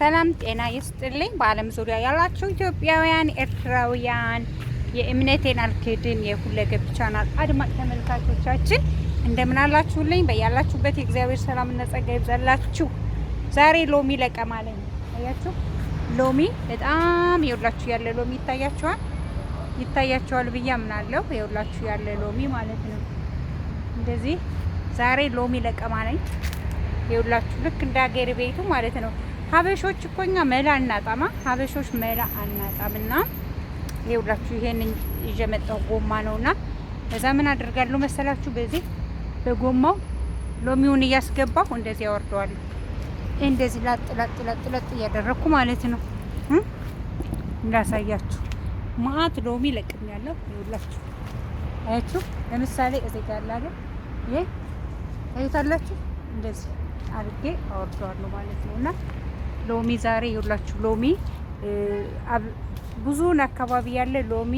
ሰላም ጤና ይስጥልኝ። በዓለም ዙሪያ ያላችሁ ኢትዮጵያውያን፣ ኤርትራውያን የእምነቴን አልክድን የሁለገብ ቻናል አድማጭ ተመልካቾቻችን እንደምን አላችሁልኝ? በያላችሁበት የእግዚአብሔር ሰላም እና ጸጋ ይብዛላችሁ። ዛሬ ሎሚ ለቀማለኝ አያችሁ፣ ሎሚ በጣም የውላችሁ ያለ ሎሚ ይታያችኋል፣ ይታያችኋል ብዬ አምናለሁ። የውላችሁ ያለ ሎሚ ማለት ነው። እንደዚህ ዛሬ ሎሚ ለቀማለኝ የውላችሁ ልክ እንደ ሀገር ቤቱ ማለት ነው። ሀበሾች እኮ እኛ መላ አናጣማ። ሀበሾች መላ አናጣምና እና ይኸውላችሁ ይሄን ይዤ መጣሁ። ጎማ ነውና በዛ ምን አደርጋለሁ መሰላችሁ? በዚህ በጎማው ሎሚውን እያስገባሁ እንደዚህ ያወርደዋለሁ። እንደዚህ ላጥ ላጥ ላጥ ላጥ እያደረግኩ ማለት ነው። እንዳሳያችሁ ማአት ሎሚ ለቅም ያለው ይኸውላችሁ። አያችሁ ለምሳሌ እዚህ ጋር ላለ ይሄ አይታላችሁ፣ እንደዚህ አድርጌ አወርደዋለሁ ማለት ነውና ሎሚ ዛሬ ይውላችሁ ሎሚ ብዙውን አካባቢ ያለ ሎሚ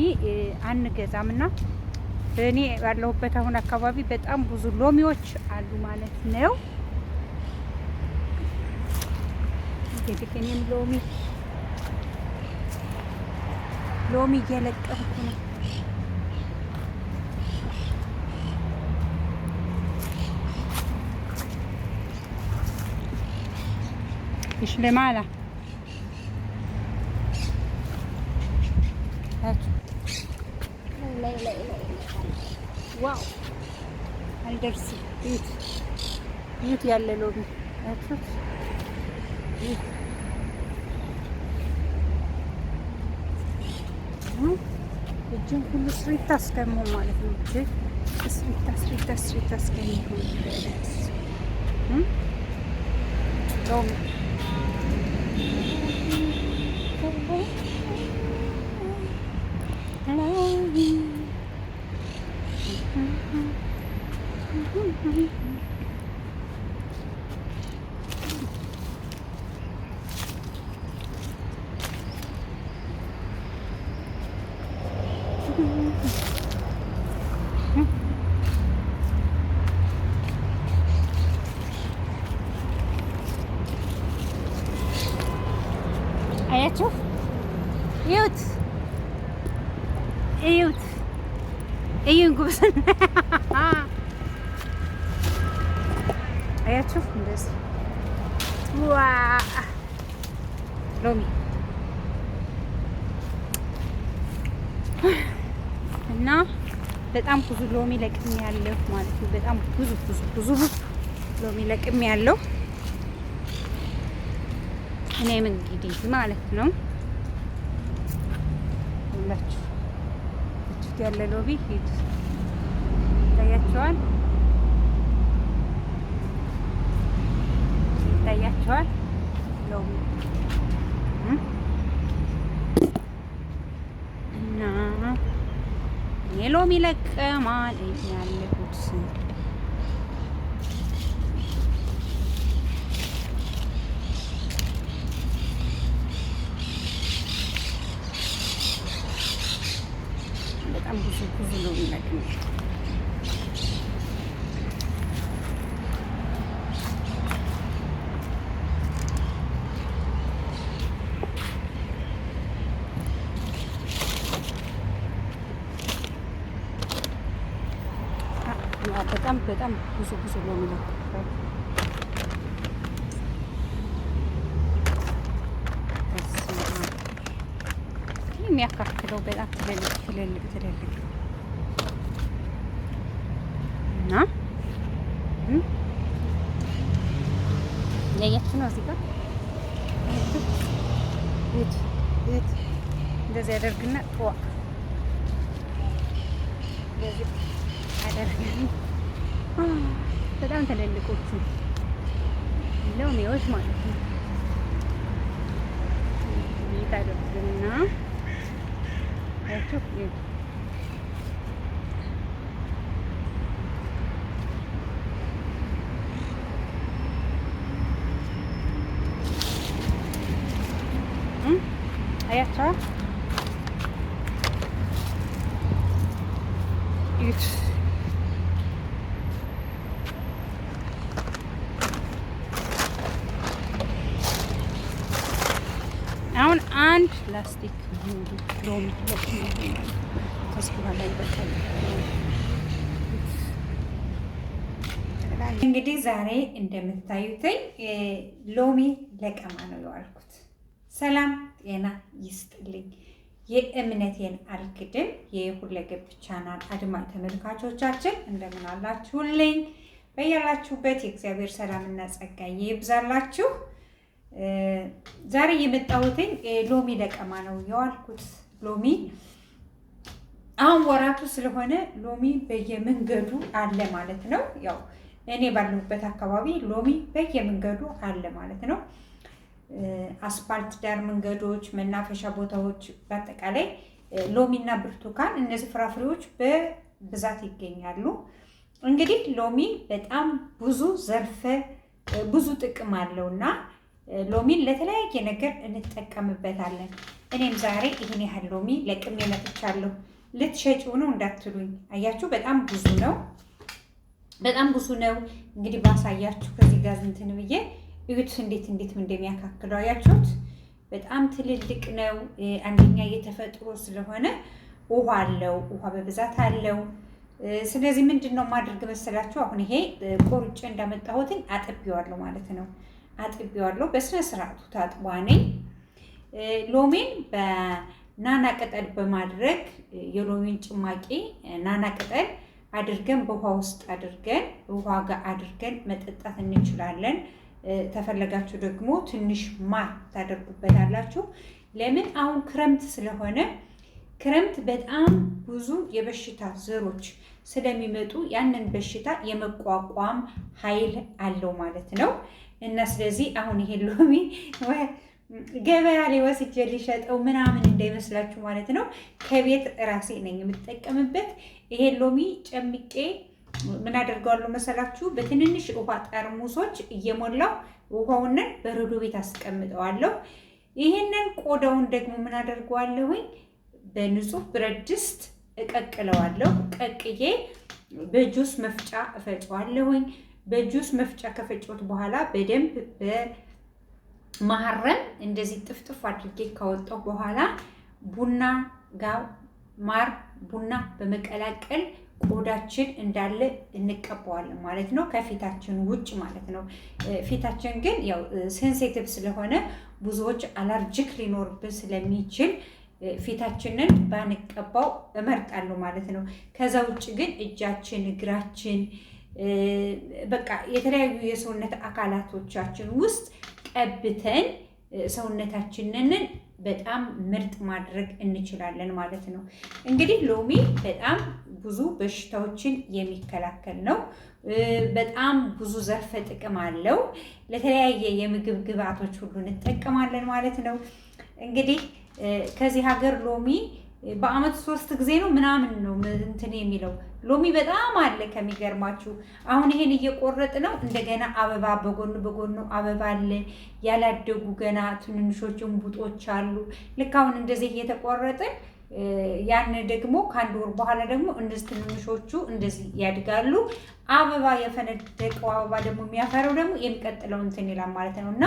አንገዛም እና እኔ ባለሁበት አሁን አካባቢ በጣም ብዙ ሎሚዎች አሉ ማለት ነው። እኔም ሎሚ ሎሚ እየለቀምኩ ነው። مش لمعلى ዋው አልደርስም። ይት ያለ ሎሚ እጅን ሁሉ ስሪት አስገሙ ማለት ነው። እጅ ስሪት ስሪት ስሪት አስገሙ ሎሚ አያችሁ፣ እንደዚህ ዋ ሎሚ እና በጣም ብዙ ሎሚ ለቅም ያለው ማለት ነው። በጣም ብዙ ብዙ ብዙ ሎሚ ለቅም ያለው እኔም እንግዲህ ማለት ነው ሁላችሁ እችት ያለ ሎሚ ሂድ ታያቸዋል። ይታያቸዋል። ሎሚ እና የሎሚ ለቀማ ያለሁት በጣም ብዙ ብዙ ሎሚ ለቅሜ በጣም በጣም ብዙ ብዙ ነው የሚለው የሚያካክለው በጣም ትልልቅ ትልልቅ ትልልቅ እና እያያችሁ ነው። እዚህ ጋር እንደዚህ ያደርግና ጠዋ እንደዚህ አደርግ በጣም ትልልቆቹ ሎሚዎች ማለት ነው። ታደርግና አያቸዋ ሎሚ ከዚህ በኋላ ይበቃል። እንግዲህ ዛሬ እንደምታዩትኝ ሎሚ ለቀማ ነው የዋልኩት። ሰላም ጤና ይስጥልኝ። የእምነቴን አልክድም የሁለገብ ቻናል አድማጭ ተመልካቾቻችን እንደምን አላችሁልኝ? በያላችሁበት የእግዚአብሔር ሰላምና ጸጋ ይብዛላችሁ። ዛሬ የመጣሁት ሎሚ ለቀማ ነው የዋልኩት። ሎሚ አሁን ወራቱ ስለሆነ ሎሚ በየመንገዱ አለ ማለት ነው። ያው እኔ ባለሁበት አካባቢ ሎሚ በየመንገዱ አለ ማለት ነው። አስፓልት ዳር መንገዶች፣ መናፈሻ ቦታዎች፣ በአጠቃላይ ሎሚና ብርቱካን እነዚህ ፍራፍሬዎች በብዛት ይገኛሉ። እንግዲህ ሎሚ በጣም ብዙ ዘርፈ ብዙ ጥቅም አለው እና ሎሚን ለተለያየ ነገር እንጠቀምበታለን። እኔም ዛሬ ይህን ያህል ሎሚ ለቅሜ መጥቻለሁ። ልትሸጪው ነው እንዳትሉኝ፣ አያችሁ፣ በጣም ብዙ ነው፣ በጣም ብዙ ነው። እንግዲህ ባሳያችሁ ከዚህ ጋር እንትን ብዬ እዩት፣ እንዴት እንዴት እንደሚያካክለው አያችሁት። በጣም ትልልቅ ነው። አንደኛ የተፈጥሮ ስለሆነ ውሃ አለው፣ ውሃ በብዛት አለው። ስለዚህ ምንድን ነው ማድረግ መሰላችሁ? አሁን ይሄ ቆርጬ እንዳመጣሁትን አጥቢዋለሁ ማለት ነው አጥቤዋለሁ። በስነ ስርዓቱ ታጥቧ ሎሚን በናና ቅጠል በማድረግ የሎሚን ጭማቂ ናና ቅጠል አድርገን በውሃ ውስጥ አድርገን ውሃ ጋር አድርገን መጠጣት እንችላለን። ተፈለጋችሁ ደግሞ ትንሽ ማር ታደርጉበታላችሁ። ለምን አሁን ክረምት ስለሆነ ክረምት በጣም ብዙ የበሽታ ዘሮች ስለሚመጡ ያንን በሽታ የመቋቋም ኃይል አለው ማለት ነው። እና ስለዚህ አሁን ይሄ ሎሚ ገበያ ላይ ወስጄ ሊሸጠው ምናምን እንዳይመስላችሁ ማለት ነው። ከቤት ራሴ ነኝ የምጠቀምበት። ይሄ ሎሚ ጨምቄ ምን አደርገዋለሁ መሰላችሁ? በትንንሽ ውሃ ጠርሙሶች እየሞላው ውሃውንን በረዶ ቤት አስቀምጠዋለሁ። ይህንን ቆዳውን ደግሞ ምን አደርገዋለሁኝ? በንጹህ ብረት ድስት እቀቅለዋለሁ። ቀቅዬ በጁስ መፍጫ እፈጫዋለሁኝ። በጁስ መፍጫ ከፈጨሁት በኋላ በደንብ በመሀረም እንደዚህ ጥፍጥፍ አድርጌ ካወጣሁ በኋላ ቡና ጋር ማር ቡና በመቀላቀል ቆዳችን እንዳለ እንቀባዋለን ማለት ነው፣ ከፊታችን ውጭ ማለት ነው። ፊታችን ግን ያው ሴንሴቲቭ ስለሆነ ብዙዎች አለርጂክ ሊኖርብን ስለሚችል ፊታችንን ባንቀባው እመርጣለሁ ማለት ነው። ከዛ ውጭ ግን እጃችን፣ እግራችን በቃ የተለያዩ የሰውነት አካላቶቻችን ውስጥ ቀብተን ሰውነታችንን በጣም ምርጥ ማድረግ እንችላለን ማለት ነው። እንግዲህ ሎሚ በጣም ብዙ በሽታዎችን የሚከላከል ነው። በጣም ብዙ ዘርፈ ጥቅም አለው። ለተለያየ የምግብ ግብአቶች ሁሉ እንጠቀማለን ማለት ነው። እንግዲህ ከዚህ ሀገር ሎሚ በአመት ሶስት ጊዜ ነው ምናምን ነው እንትን የሚለው ሎሚ በጣም አለ። ከሚገርማችሁ አሁን ይሄን እየቆረጥ ነው። እንደገና አበባ በጎን በጎኑ አበባ አለ። ያላደጉ ገና ትንንሾች ቡጦች አሉ። ልክ አሁን እንደዚህ እየተቆረጠ ያን ደግሞ ከአንድ ወር በኋላ ደግሞ እንደዚህ ትንንሾቹ እንደዚህ ያድጋሉ። አበባ የፈነደቀው አበባ ደግሞ የሚያፈረው ደግሞ የሚቀጥለው እንትን ይላል ማለት ነው። እና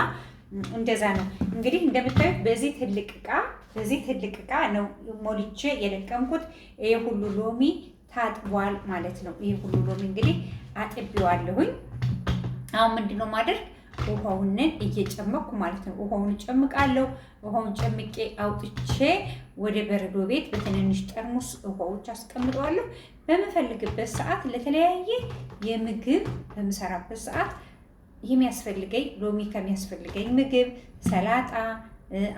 እንደዛ ነው እንግዲህ እንደምታዩት በዚህ ትልቅ እቃ በዚህ ትልቅ እቃ ነው ሞልቼ የለቀምኩት ይሄ ሁሉ ሎሚ ታጥቧል ማለት ነው። ይህ ሁሉ ሎሚ እንግዲህ አጥቢዋለሁኝ። አሁን ምንድነው ማድረግ ውሃውን እየጨመኩ ማለት ነው። ውሃውን ጨምቃለሁ። ውሃውን ጨምቄ አውጥቼ ወደ በረዶ ቤት በትንንሽ ጠርሙስ ውሃዎች አስቀምጠዋለሁ። በምፈልግበት ሰዓት ለተለያየ የምግብ በምሰራበት ሰዓት የሚያስፈልገኝ ሎሚ ከሚያስፈልገኝ ምግብ ሰላጣ፣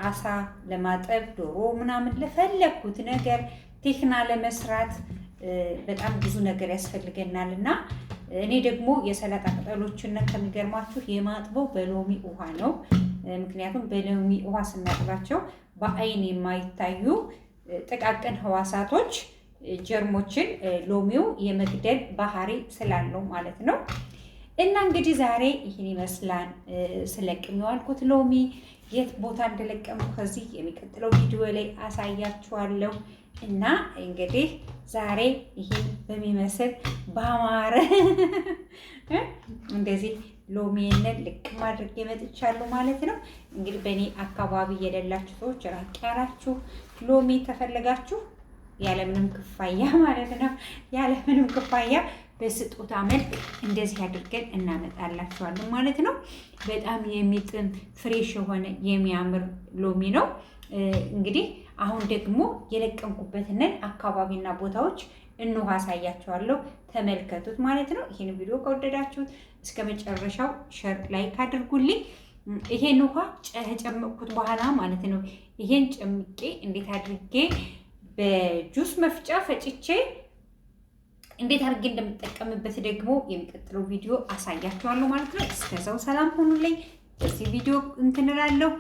አሳ ለማጠብ፣ ዶሮ ምናምን ለፈለግኩት ነገር ቴክና ለመስራት በጣም ብዙ ነገር ያስፈልገናል እና እኔ ደግሞ የሰላጣ ቅጠሎችን ከሚገርማችሁ የማጥበው በሎሚ ውሃ ነው። ምክንያቱም በሎሚ ውሃ ስናጥባቸው በአይን የማይታዩ ጥቃቅን ህዋሳቶች ጀርሞችን ሎሚው የመግደል ባህሪ ስላለው ማለት ነው። እና እንግዲህ ዛሬ ይህን ይመስላል ስለቅም የዋልኩት ሎሚ የት ቦታ እንደለቀም ከዚህ የሚቀጥለው ቪዲዮ ላይ አሳያችኋለሁ። እና እንግዲህ ዛሬ ይህን በሚመስል በአማረ እንደዚህ ሎሚንን ልቅ ማድረግ የመጥቻሉ ማለት ነው። እንግዲህ በእኔ አካባቢ የሌላችሁ ሰዎች ራቅ ያላችሁ ሎሚ ተፈለጋችሁ ያለምንም ክፋያ ማለት ነው ያለምንም ክፋያ በስጦታ መልክ እንደዚህ አድርገን እናመጣላቸዋለን ማለት ነው። በጣም የሚጥም ፍሬሽ የሆነ የሚያምር ሎሚ ነው። እንግዲህ አሁን ደግሞ የለቀምኩበትንን አካባቢና ቦታዎች እንሆ አሳያቸዋለሁ። ተመልከቱት ማለት ነው። ይህን ቪዲዮ ከወደዳችሁት እስከ መጨረሻው ሸር ላይክ አድርጉልኝ። ይሄን ውሃ ጨመቅኩት በኋላ ማለት ነው። ይሄን ጨምቄ እንዴት አድርጌ በጁስ መፍጫ ፈጭቼ እንዴት አድርጌ እንደምጠቀምበት ደግሞ የሚቀጥለው ቪዲዮ አሳያችኋለሁ ማለት ነው። እስከዛው ሰላም ሆኑልኝ። በዚህ ቪዲዮ እንትንላለሁ